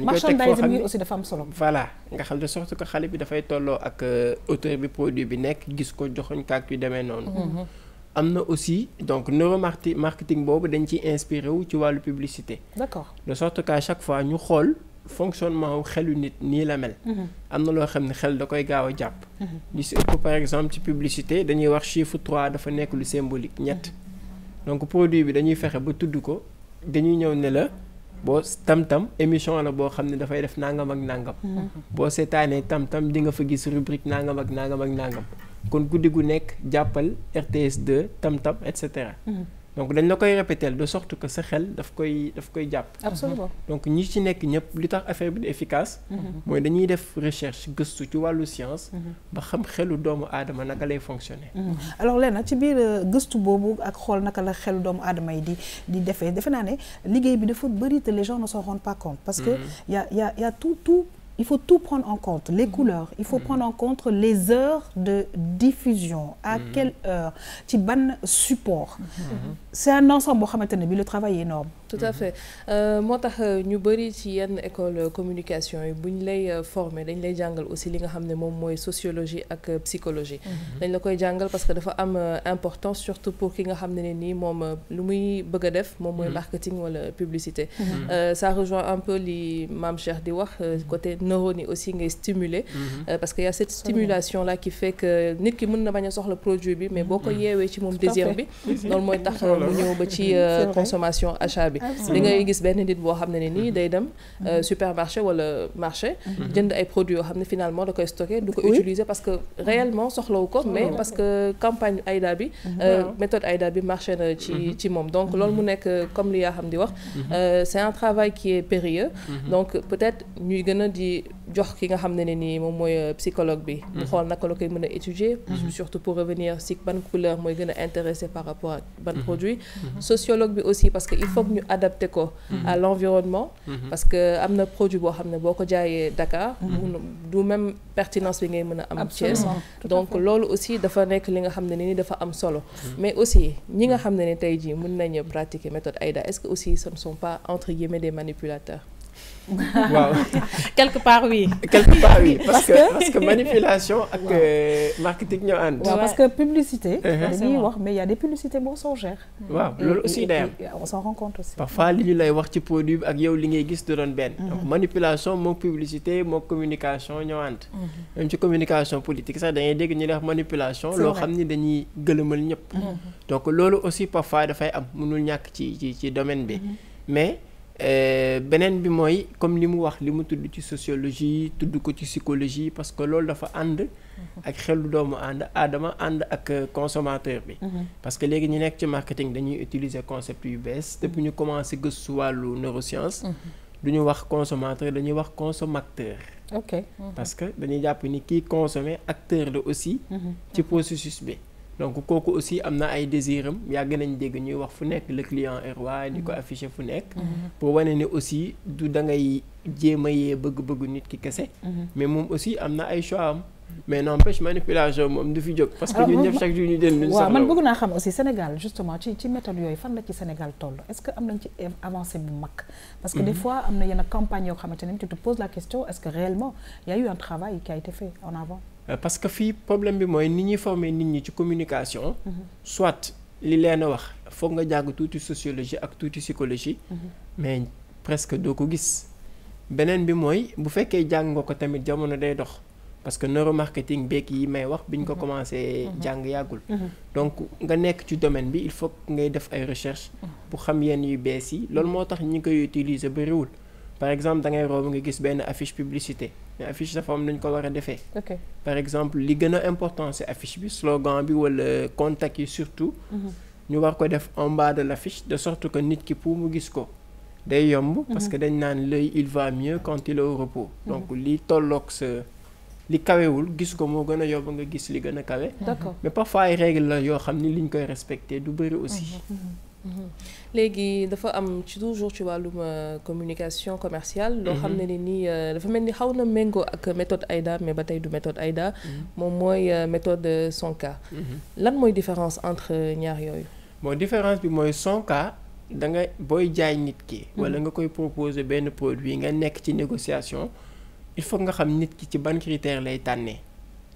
marchandise bi aussi dafa am solo. voilà nga xam de sorte que xale bi dafay tolloo ak euh, auteur bi produit bi nekk gis ko joxuñ kaak yu demee noonu amna aussi donc neuromarketing marketing bob dañ ci inspiré wu ci walu publicité. d'accord de sorte qu'à chaque fois ñu xol fonctionnement wu xelu nit ni la mel. Mhm. amna lo xamni xel da koy gaaw japp jàpp. ci mhm. par exemple ci publicité dañuy wax chiffre 3 dafa nek lu symbolique ñet mhm. donc produit bi dañuy fexé ba tuddu ko dañuy ñew ne la. boo tam-tam émission la boo xam ne dafay def nangam ak nangam. Mm-hmm. boo seetaanee tam-tam di nga fa gis rubrique nangam ak nangam ak nangam kon guddi gu nekk jàppal RTS 2 tam-tam et cetera. Mm-hmm. donc dañ la koy de sorte que sa xel daf koy absolument mhm. donc ci li tax affaire bi recherche science. ba xam xelu doomu naka lay fonctionner.
Mhm. alors Léna ci biir euh, ak naka la yi di di les gens ne se rendent pas compte. parce que mhm. y a y a y a tout tout il faut tout prendre en compte, les mhm. couleurs, il faut mhm. prendre en compte les heures de diffusion, à mhm. quelle heure, tu ban support. C'est un ensemble, le travail est énorme tout à mhm. fait euh, Moi, tax euh, ñu bëri ci yenn école euh,
communication yi bu ñu lay former dañ aussi li nga xam ne moom sociologie ak psychologie mhm. dañ la koy jàngal parce que dafa am importance surtout pour ki nga xam ne ne nii moom lu muy bëgg a def moom mhm. marketing publicité ça rejoint un peu li Mame Cheikh di wax côté neurone aussi ngay stimuler parce que y a cette stimulation là qui fait que nit ki mën na bañ produit bi mais beaucoup y yeewee ci moom désir bi loolu mooy tax mu ñëw ba ci consommation achat da ngay gis benn nit boo xam ne ne nii mhm. day dem euh, supermarché wala marché mhm. jënd ay produits yoo xam ne finalement da koy stocké du ko utiliser parce que mhm. réellement soxlawu ko mais parce que campagne AIDA bi euh, méthode AIDA bi marché na ci ci moom donc loolu mu nekk euh, comme li yaa xam di wax c'est un travail qui est périlleux donc peut-être ñuy gën a di jox ki nga xam ne ne nii moom mooy psychologue bi mu xool naka la koy mën a étudier surtout pour revenir si ban couleur mooy gën a intéressé par rapport ak ban produit sociologue bi aussi parce que il faut que ñu adapter ko mhm. à l'environnement mhm. parce que amna produit bo xamné boko boo Dakar mhm. du même pertinence bi ngay mën am donc lolu aussi dafa nek li nga xamné ni dafa am solo mais aussi ñi nga xamné tay ji tey jii pratiquer méthode AIDA est-ce que aussi ce ne sont pas entre guillemets des manipulateurs waaw
quelque part oui. quelque part oui parce que parce que manipulation
ak euh, marketing ñoo ànd. waaw parce que publicité. Uh-huh. dañuy wax
mais il y a des publicités mensongères. waaw loolu aussi d'ailleurs on s'en rend compte aussi. parfois
li lay wax ci produit ak yow li ngay gis du doon mm-hmm. donc manipulation moom publicité moom communication ñoo ànd. Mm-hmm. même ci communication politique ça dañuy dégg ñu ne wax manipulation. lo xamni ni dañuy gëlëmal ñëpp. Mm-hmm. donc lolu aussi parfois fay am mënul ñak ci ci domaine bi mais. Euh, benen bi moy comme l'imu mu wax limu mu ci sociologie tudd ko ci psychologie parce que lolou dafa and ak xelu doomu and adama and ak consommateur bi mhm. parce que léegi ñu nek ci marketing dañuy utiliser concept yu bees depuis ñu commencé gëstu wàllu neuroscience neurosciences mhm. duñu wax consommateur dañuy wax consommateur
ok mhm. parce
que dañuy japp ni kii consommer acteur le aussi ci processus bi donc coco aussi amna ay désiram yàgg nañ dégg ñuy wax fu nekk le client est roi di ko mm-hmm. afficher fu nekk mm-hmm. pour wane ni aussi du da ngay jéem a yee bëgg nit ki kessé mm-hmm. mais mom aussi amna ay choix am mais n'empêche manipulation mom du fi jog parce que ñun ñëpp chaque jour ñu jël luñ sax man bëgg
xam aussi Sénégal justement ci ci méthode yooyu fan la ci Sénégal toll est-ce que am nañ ci avancer bu mak parce que des fois amna yena campagne yo xamante tu te poses la question est-ce que réellement il y a eu un travail qui a été fait en avant
euh, parce que fi problème bi moy ni ñi formé nit ñi ci communication. Mhm. soit li leen wax foog nga jàng tuuti sociologie ak tuuti psychologie. Mhm. mais presque doo ko gis. beneen bi mooy bu fekkee jàng nga ko tamit jamono day dox parce que neuromarketing beeg yi may wax biñ ko mhm. commencé jàng yàggul. donc nga nekk ci domaine bi il faut ngay def ay recherche. bu xam yenn yu bees yi loolu moo tax ñi koy utiliser bariwul par exemple dangay rob nga gis ben affiche publicité mais affiche dafa am ko wara defé OK par exemple li gëna important c'est affiche bi slogan bi wala contact yi surtout. Mhm. ñu war ko def en bas de l'affiche de sorte que nit ki pour mu gis ko. day yomb parce mhm. que dañ naan l'œil il va mieux quand il est au repos. Mhm. donc li tolloog sa li kawewul gis ko mo gëna yob nga gis li gëna kawé kawe. mais parfois ay règles la yo xamni liñ koy respecter, du bëri aussi.
Mm -hmm. Mm-hmm.
léegi dafa am ci toujours ci wàllum euh, communication commerciale. lo mm-hmm. xamné ni euh, dafa melni xawna mengo ak méthode AIDA mais batay du méthode AIDA. mom mm-hmm. moy euh, méthode Sonka. lan moy différence entre ñaar yoyu
bon différence bi moy Sonka da nga boy jaay nit ki. wala nga koy proposer ben produit nga nek ci négociation il faut nga xam nit ki ci ban critère lay tanné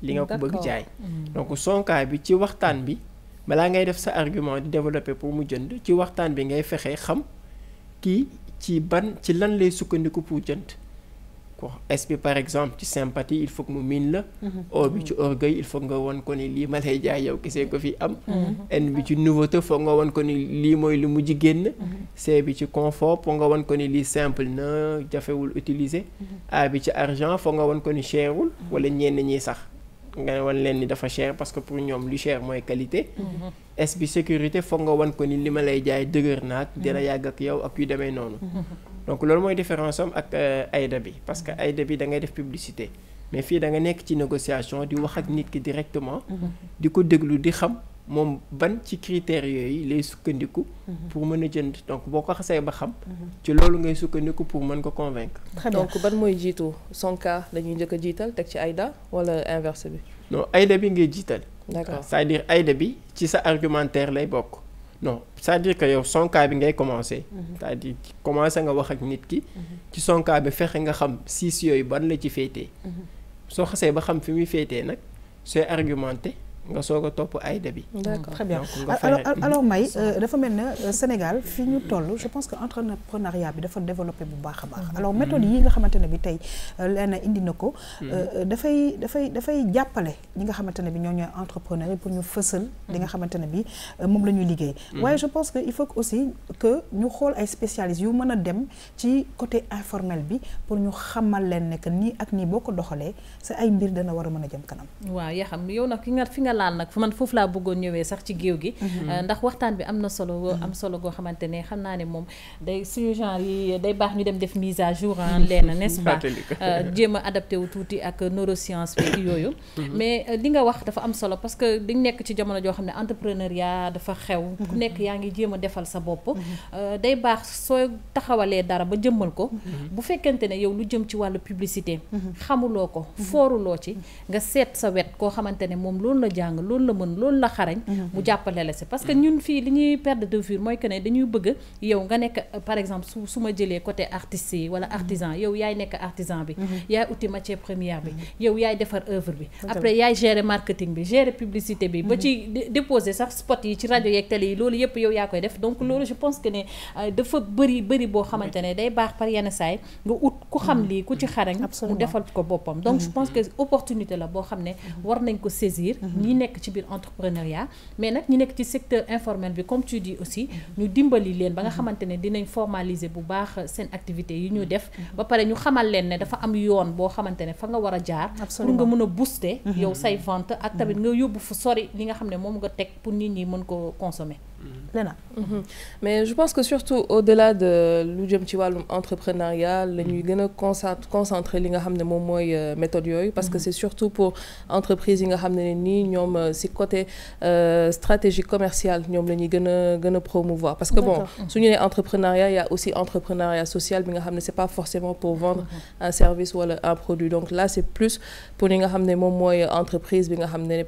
li nga ko bëgg jaay donc Sonka bi ci waxtaan bi balaa ngay def sa argument di développer pour mu jënd ci waxtaan bi ngay fexe xam ki ci ban ci lan lay sukkandiku pour jënd ko est par exemple ci sympathie il faut que mu miin la mm-hmm. o bi ci orgueil il faut nga won ko ni lii ma lay jaay yow kisse ko fi am mm-hmm. n bi ci nouveauté faut nga won ko ni lii mooy lu mujj génn mm-hmm. c bi ci confort pour nga won ko ni lii simple na jafewul utiliser a bi ci argent faut nga won ko ni cherul wala ñen ñi sax nga won len ni dafa cher parce que pour ñom lu cher moy qualité. Mhm. S bi sécurité fo nga won ko ni li ma lay jaay dëgër naat. dina mhm. yàgg ak yow ak yu demee noonu. Mhm. donc loolu moy différence am ak euh, Aida bi parce que Aida bi da ngay def publicité mais fi da nga nek ci négociation di wax ak nit ki directement. di ko déglu di xam mom ban ci critères yooyu lay sukkandiku. Mhm. pour mën jënd donc boko xasse ba xam. Mhm. ci lolu ngay sukkandiku pour mën ko convaincre. donc ban
moy jitu son cas ñuy njëkk jital tek ci Aïda wala inverse bi.
non Aïda bi ngay jital d'accord ah, c'est-à-dire Aïda bi ci sa argumentaire lay bokk. non c'est-à-dire que yow son cas bi ngay commencer. Mhm. c'est-à-dire commencer nga wax ak nit ki. ci son cas bi fexé nga xam six yoy ban la ci fété so xasse ba xam fi mi fété nak c'est argumenter nga soog a topp ayda bi. d'accord très bien ah, alors alors mhm.
May euh, dafa mel ne euh, Sénégal fi ñu toll je pense que entrepreneuriat bi dafa développé bu baax a mhm. alors méthode yi nga xamante ne bi tey euh, lenn indi na ko. Mhm. dafay dafay dafay jàppale ñi nga xamante bi ñoo ñooy pour ñu fësal. li nga xamante ne bi moom la ñuy liggéey. je pense que il faut aussi que ñu xool ay spécialistes yu mën a dem ci côté informel bi pour ñu xamal leen ne que nii ak nii boo ko doxalee sa ay mbir dana war a mën a jëm kanam.
waaw yaa xam yow nag ki nga dalal nak fu man foofu laa bëggoon ñëwé sax ci géew gi ndax waxtaan bi amna solo am solo go xamantene xamna xam naa ne moom day suñu genre yi day bax ñu dem def mise à jour en leena n'est-ce pas jéem adapté wu tuuti ak neuroscience bi yoyu mais li nga wax dafa am solo parce que diñ nekk ci jamono jo xamné entrepreneuriat dafa xew ku nekk ya ngi jéem defal sa bop day bax so taxawalé dara ba jëmmal ko bu fekkente ne yow lu jëm ci walu publicité xamuloko forulo ci nga set sa wet ko xamantene mom loolu la jàng loolu la mën loolu la xarañ mhm. mu jàppale la si parce que ñun fii li ñuy perdre de vue mooy que ne dañuy bëgg yow nga nekk par exemple su su ma jëlee côté artistes yi wala mhm. artisan yow yaay nekk artisan bi mhm. yaay outil matière première bi yow yaay defar œuvre bi après yaay gérer marketing bi gérer publicité bi ba ci déposer sax spot yi ci rajo yeeg télé yi loolu yëpp yow yaa koy def donc loolu je pense que ne euh, dafa bëri bëri boo xamante ne day baax par yenn saay nga ut ku xam lii ku ci xarañ mu defal ko boppam donc je pense que opportunité la boo xam ne war nañ ko saisir nous nekk ci biir entrepreneuriat mais ñi ci secteur informel comme tu dis aussi ñu dimbali leen formaliser bu baax seen activité yi ñu def mhm. ba ñu xamal leen dafa am yoon pour nga booster mhm. yow say vente ak tamit mhm. nga yóbbu fu sori li nga xam ne nga pour nit ñi consommer Mmh. Mmh. mais
je pense que surtout au-delà de l'entrepreneuriat nous devons concentrer les mmh. euh, méthodes parce que c'est surtout pour entreprise entreprises, nga euh, côté euh, stratégie commerciale promouvoir parce que bon su les entrepreneuriat, il y a aussi entrepreneuriat social bi nga c'est pas forcément pour vendre un service ou un produit donc là c'est plus pour les entreprises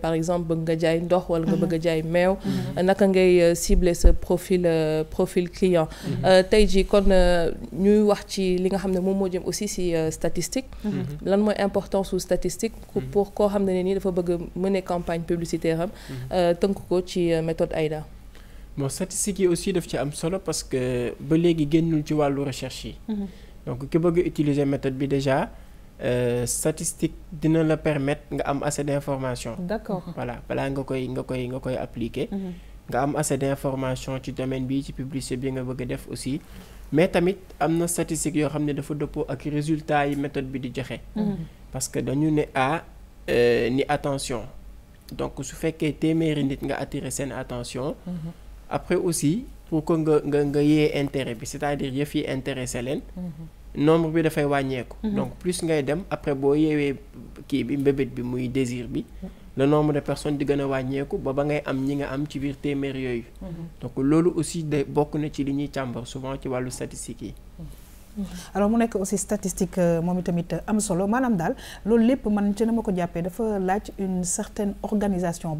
par exemple bëgg nga jaay ndox cible ce profil euh, profil client mhm. euh, tey jii kon euh, ñuy wax ci li nga aussi si statistique mhm. Mhm. lan moins important sous statistique pour quoi xam ne nii dafa mener campagne publicitaire tant que ko ci méthode AIDA
bon statistique aussi de ci am solo parce que ba léegi nous ci le rechercher donc que bëgg utiliser méthode bi déjà statistique dina la permettre nga am assez d'information d'accord voilà voilà nga koy nga koy nga appliquer nga am assez d'information ci domaine bi ci publicité bi nga bëgg def aussi mais tamit am na statistique yoo xam ne dafa dëppoo ak résultat yi méthode bi di joxe. Mm-hmm. parce que dañu ne a euh, ni attention donc su fekkee téeméeri nit nga attirer seen attention. Mm-hmm. après aussi pour que nga nga nga yee intérêt bi c'est-à-dire yëf yi intéressé leen. Mm-hmm. nombre bi dafay wàññeeku. donc plus ngay dem après boo yeewee kii bi mbébét bi muy désir bi le nombre de personnes di gën a wàññeeku ba ba ngay am ñi am ci biir téeméer yooyu mhm. donc loolu aussi des bokk na ci li ñuy càmbar souvent ci wàllu statistiques yi
alors mon aussi statistique statistiques euh, euh, solo une certaine organisation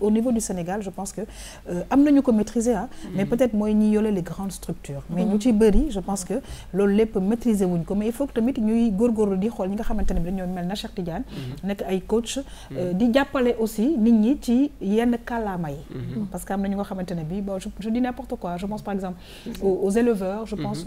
au niveau du Sénégal je pense que euh, nous maîtriser hein. mm-hmm. mais peut-être que ñi les grandes structures. mais nous mm-hmm. ci je pense que maîtriser mais il faut que nous ñuy di mm-hmm. coach. aussi parce que je dis n'importe quoi je pense par exemple aux éleveurs je pense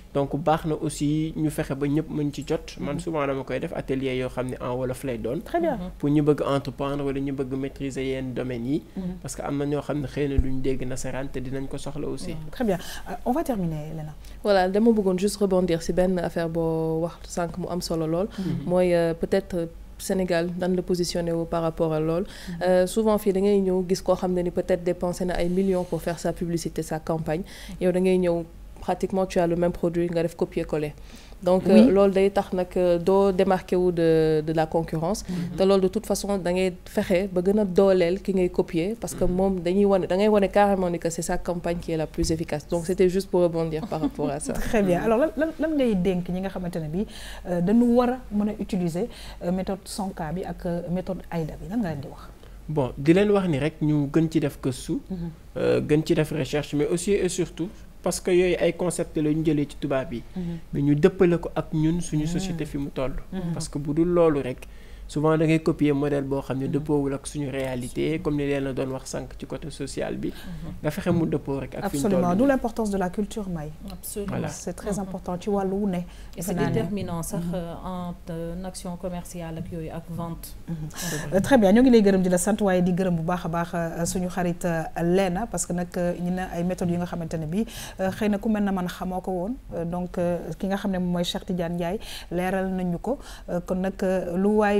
donc baax na aussi ñu fexe ba ñëpp mën ci jot man mhm. souvent dama koy def atelier yoo xam ne en wolof lay doon très bien pour ñu bëgg entreprendre wala ñu bëgg maîtriser yenn domaines yi mhm. parce que am na ñoo xam ne xëy na duñ dégg nasaraan te dinañ ko soxla aussi mhm.
très bien euh, on va terminer Lena
voilà dama bëggoon juste rebondir si benn affaire boo wax sànq mu am solo lool mooy euh, peut-être euh, Sénégal dans le positionner par rapport à loolu souvent fii da ngay ñëw gis des gens qui ni peut-être dépensé na ay millions pour faire sa publicité sa campagne yow da ngay ñëw pratiquement tu as le même produit nga def copier coller donc euh, loolu day tax nak euh, do démarquer ou de de la concurrence mhm. te l'ol de toute façon da ngay fexé ba gëna dolel ki ngay parce que mom mhm. dañuy carrément que c'est sa campagne qui est la plus efficace donc c'était juste pour rebondir
par rapport à ça très bien mhm. alors lan ngay denk ñi nga xamantene bi euh, dañu utiliser méthode Sonka bi ak méthode Aïda bi lan nga leen di
bon di leen wax ni rek ñu gën ci def des gën ci recherche mais aussi et surtout parce que yooyu ay concept la ñu jëlee ci tubaab yi mm-hmm. mais ñu dëppale ko ak ñun suñu mm-hmm. société fi mu toll mm-hmm. parce que bu dul loolu rek souvent da ngay copier modèle bo xamné ne mhm. dëppoowul ak suñu réalité comme ni leena doon wax sank ci côté social bi mhm. nga fexé mu dëppoo rek ak absolument d'où
l'importance de la culture May absolument c'est très mhm. important ci wàllu wu né et c'est déterminant sax euh, en euh, action commerciale ak yoy ak vente euh, très bien ñu ngi lay gërëm di la sant waaye di gërëm bu baax a baax suñu xarit leena parce que nak ñu ne ay méthodes yi nga xamantene bi xeyna ku melna man xamoko won donc ki nga xamné moy Cheikh Tidiane Ndiaye léral nañu ko kon nak lu way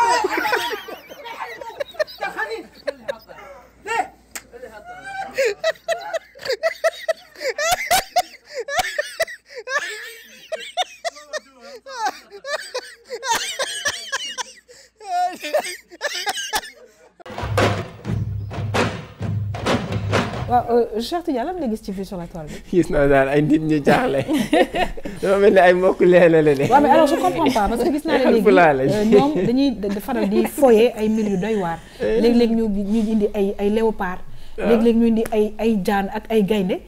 Cheikh Tidiane lan nga gis ci fii sur la toile bi.
gis naa daal ay nit ñu jaaxle. dafa mel ni ay mbokk leen la de. waaw mais alors je comprends pas parce que gis naa ne léegi euh, ñoom dañuy
faral di fooye ay mbir yu doy waar. léeg-léeg ñu indi ay ay léopard. Les ah. léeg ñuy indi ay ay jaan ak ay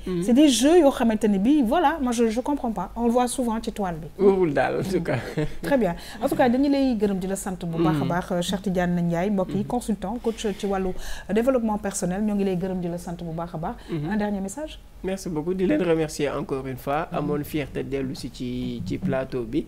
mhm. c'est des jeux yo xamantani bi voilà moi je je comprends pas on le voit souvent ci toile bi. wóorul daal en tout cas. très bien en tout cas dañu lay gëreum di la sante bu baax a mhm. baax euh, Cheikh Tidiane Ndiaye mbokk yi mhm. consultant coach ci walu développement personnel ñoo ngi lay gëreum di la sante bu baax baax. un dernier message.
merci beaucoup di leen remercier encore une fois amone fierté dellu si ci ci plateau bi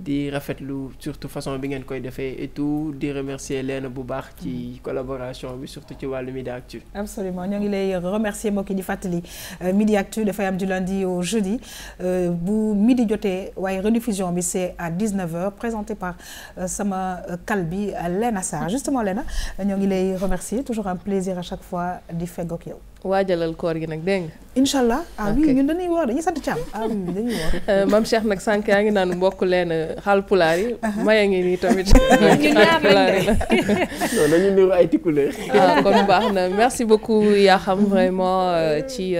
di rafetlu surtout façon bi ngeen koy fait et tout di remercier Léna bu baax ci mm-hmm. collaboration bi surtout ci le Midi Actu.
absolument ñoo ngi lay remercier mbokk yi di euh, Midi Actu dafay am du lundi au jeudi euh, bu midi jotee waaye rediffusion bi c'est à 19h présenté par euh, sama Kalbi, Léna Lena Sarr justement Lena ñoo ngi lay remercier toujours un plaisir à chaque fois di faire yow
waajalal koor gi nag dégg
nga. incha ah oui ñun dañuy woor dañuy sant Thiam ah oui dañuy woor. Euh, maam Cheikh nag sànq yaa ngi
naan mbokk leen xal euh, xaalpulaar yi. Uh-huh. maya ngi nii tamit. ñun ñaar lañ non
dañu niru ay tikkuleer. ah
kon baax na merci beaucoup yaa xam mm-hmm. vraiment euh, ci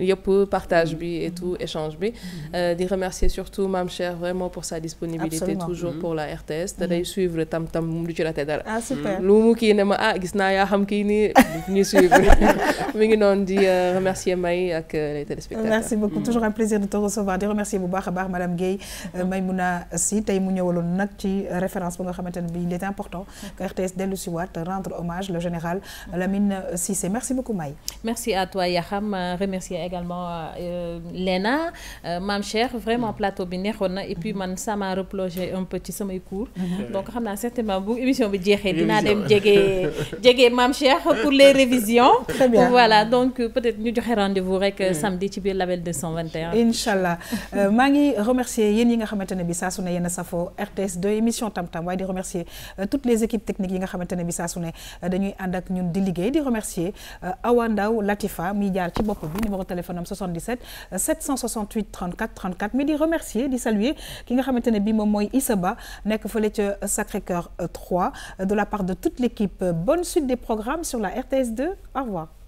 yëpp partage bi et tout échange bi. Mm-hmm. di remercier surtout maam Cheikh vraiment pour sa disponibilité. toujours mm-hmm. pour la RTS. te day suivre tam tam mu du ci raté dara. ah super lu mu kii ne ma ah gis naa yaa xam kii nii ñu suivre. Mingi ngi di euh, remercier May ak euh, les téléspectateurs. merci beaucoup
mm. toujours un plaisir de te recevoir di remercier beaucoup baax madame Guèye euh, Maymouna mu référence pour nga il est important que RTS dès le waat rendre hommage le général Lamine Sissé. merci beaucoup May.
merci à toi Yaham. remercier également Lena Mme Cher, vraiment plateau bi et puis man ça m'a replongé un peu ci court. Mm-hmm. donc xam naa certainement bu émission bi pour les révisions. très bien voilà donc euh, peut-être nous joxe rendez-vous rek euh, mm. samedi ci biir Label 221.
Inshallah. ma ngi remercier yeen yi nga xamantene bi su RTS 2 émission tam tam waaye di remercier euh, toutes les équipes techniques yi nga xamantene bi saa su ne dañuy ànd ñun di liggéey di remercier awandaw Latifa mi jaar ci numéro bi numéro téléphone am 77 768 34 34 mi di remercier di saluer ki nga xamantene bi moom moy isaba nek ci Sacré-Cœur 3 de la part de toute l'équipe bonne suite des programmes sur la RTS 2 au revoir